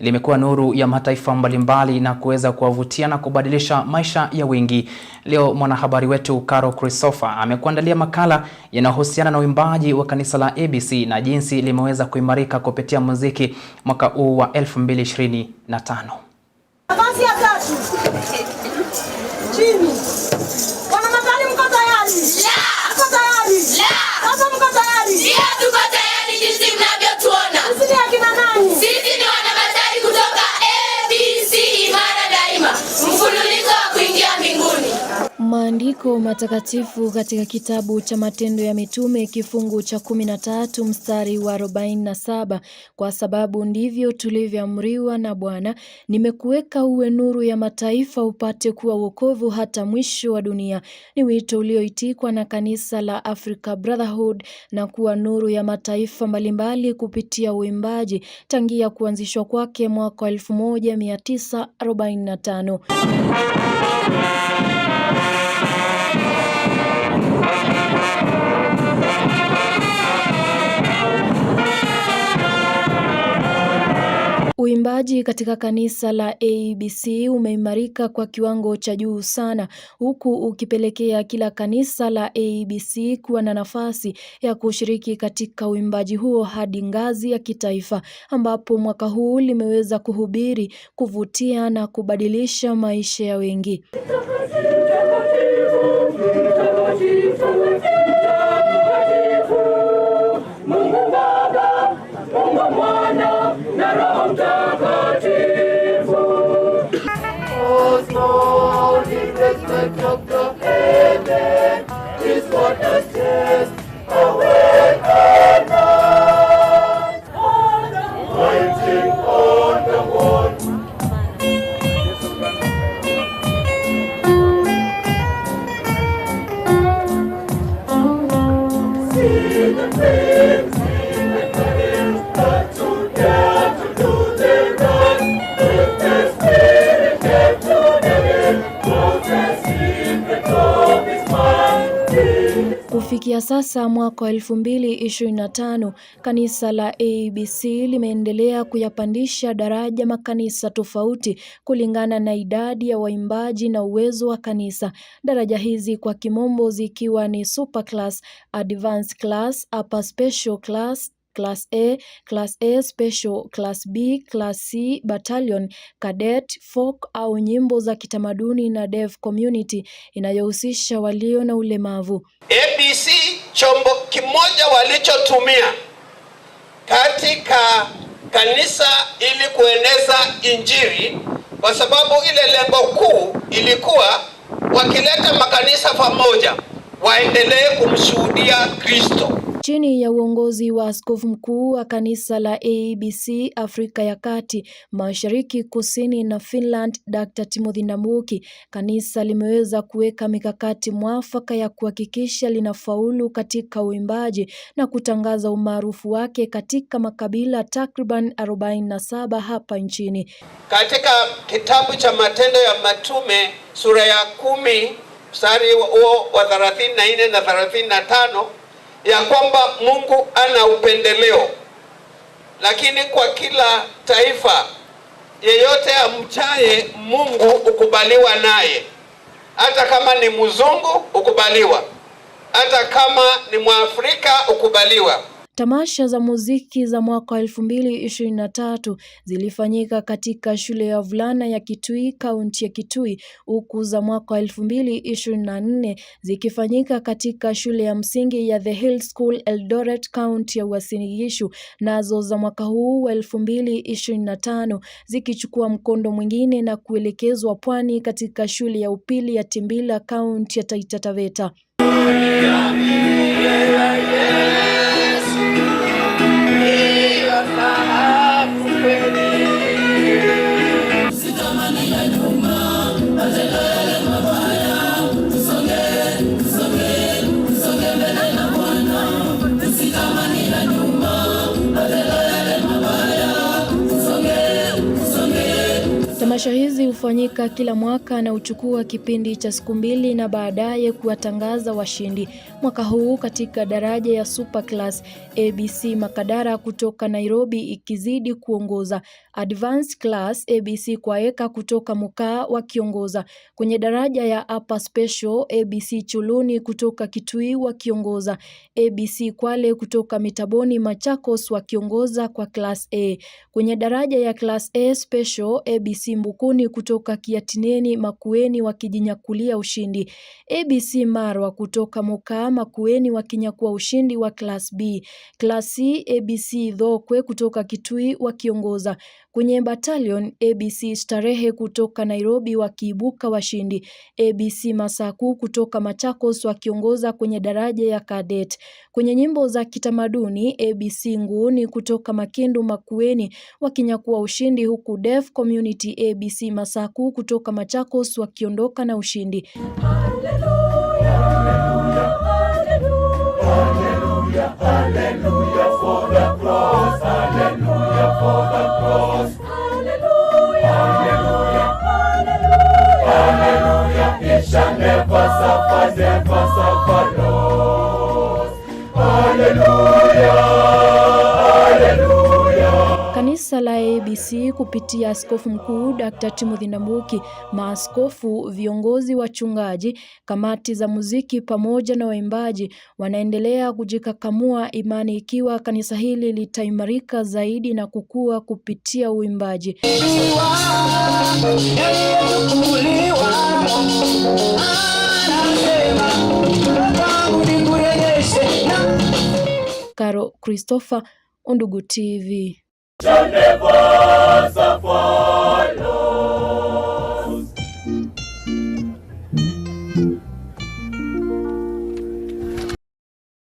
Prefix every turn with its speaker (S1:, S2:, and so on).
S1: limekuwa nuru ya mataifa mbalimbali na kuweza kuwavutia na kubadilisha maisha ya wengi. Leo mwanahabari wetu Caro Christopher amekuandalia makala yanayohusiana na uimbaji wa kanisa la ABC na jinsi limeweza kuimarika kupitia muziki mwaka huu wa 2025.
S2: maandiko matakatifu katika kitabu cha Matendo ya Mitume kifungu cha kumi na tatu mstari wa arobaini na saba kwa sababu ndivyo tulivyoamriwa na Bwana, nimekuweka uwe nuru ya mataifa upate kuwa wokovu hata mwisho wa dunia. Ni wito ulioitikwa na kanisa la Africa Brotherhood na kuwa nuru ya mataifa mbalimbali kupitia uimbaji tangia kuanzishwa kwake mwaka 1945. Utendaji katika kanisa la ABC umeimarika kwa kiwango cha juu sana, huku ukipelekea kila kanisa la ABC kuwa na nafasi ya kushiriki katika uimbaji huo hadi ngazi ya kitaifa, ambapo mwaka huu limeweza kuhubiri, kuvutia na kubadilisha maisha ya wengi. in the prison. Kufikia sasa mwaka wa 2025 kanisa la ABC limeendelea kuyapandisha daraja makanisa tofauti kulingana na idadi ya waimbaji na uwezo wa kanisa. Daraja hizi kwa kimombo zikiwa ni super class, advanced class, upper special class, Class A, Class A Special, Class B, Class C, Battalion, Cadet, Folk au nyimbo za kitamaduni na Deaf Community inayohusisha walio na ulemavu.
S3: ABC chombo kimoja walichotumia katika kanisa ili kueneza Injili kwa sababu ile lengo kuu ilikuwa wakileta makanisa pamoja waendelee kumshuhudia Kristo
S2: chini ya uongozi wa askofu mkuu wa kanisa la ABC Afrika ya Kati, Mashariki, Kusini na Finland, Dr. Timothy Ndambuki, kanisa limeweza kuweka mikakati mwafaka ya kuhakikisha linafaulu katika uimbaji na kutangaza umaarufu wake katika makabila takriban 47 hapa nchini.
S3: Katika kitabu cha Matendo ya matume sura ya kumi mstari huo wa 34 na 35 ya kwamba Mungu ana upendeleo, lakini kwa kila taifa yeyote amchaye Mungu ukubaliwa naye. Hata kama ni mzungu ukubaliwa, hata kama ni Mwafrika ukubaliwa.
S2: Tamasha za muziki za mwaka 2023 zilifanyika katika shule ya wavulana ya Kitui kaunti ya Kitui huku za mwaka 2024 zikifanyika katika shule ya msingi ya The Hill School Eldoret kaunti ya Uasin Gishu nazo za mwaka huu 2025 zikichukua mkondo mwingine na kuelekezwa pwani katika shule ya upili ya Timbila kaunti ya Taita Taveta. Tamasha hizi hufanyika kila mwaka na huchukua kipindi cha siku mbili na baadaye kuwatangaza washindi mwaka huu katika daraja ya Super Class ABC Makadara kutoka Nairobi ikizidi kuongoza. Advanced Class ABC Kwaeka kutoka Mukaa wakiongoza. Kwenye daraja ya Upper Special ABC Chuluni kutoka Kitui wakiongoza. ABC Kwale kutoka Mitaboni Machakos wakiongoza kwa Class A. Kwenye daraja ya Class A Special ABC Mbukuni kutoka Kiatineni Makueni wakijinyakulia ushindi. ABC Marwa kutoka Mukaa Makueni wakinyakua ushindi wa Class B. Class C ABC Dhokwe kutoka Kitui wakiongoza kwenye batalion, ABC Starehe kutoka Nairobi wakiibuka washindi, ABC Masaku kutoka Machakos wakiongoza kwenye daraja ya kadet. Kwenye nyimbo za kitamaduni, ABC Nguuni kutoka Makindu Makueni wakinyakua ushindi, huku Deaf Community ABC Masaku kutoka Machakos wakiondoka na ushindi. Hallelujah. Hallelujah, hallelujah never suffer, never suffer. la ABC kupitia Askofu Mkuu Dr. Timothy Ndambuki, maaskofu, viongozi, wachungaji, kamati za muziki pamoja na waimbaji wanaendelea kujikakamua imani ikiwa kanisa hili litaimarika zaidi na kukua kupitia uimbaji. Caro Christopher, Undugu TV. Je ne vois pas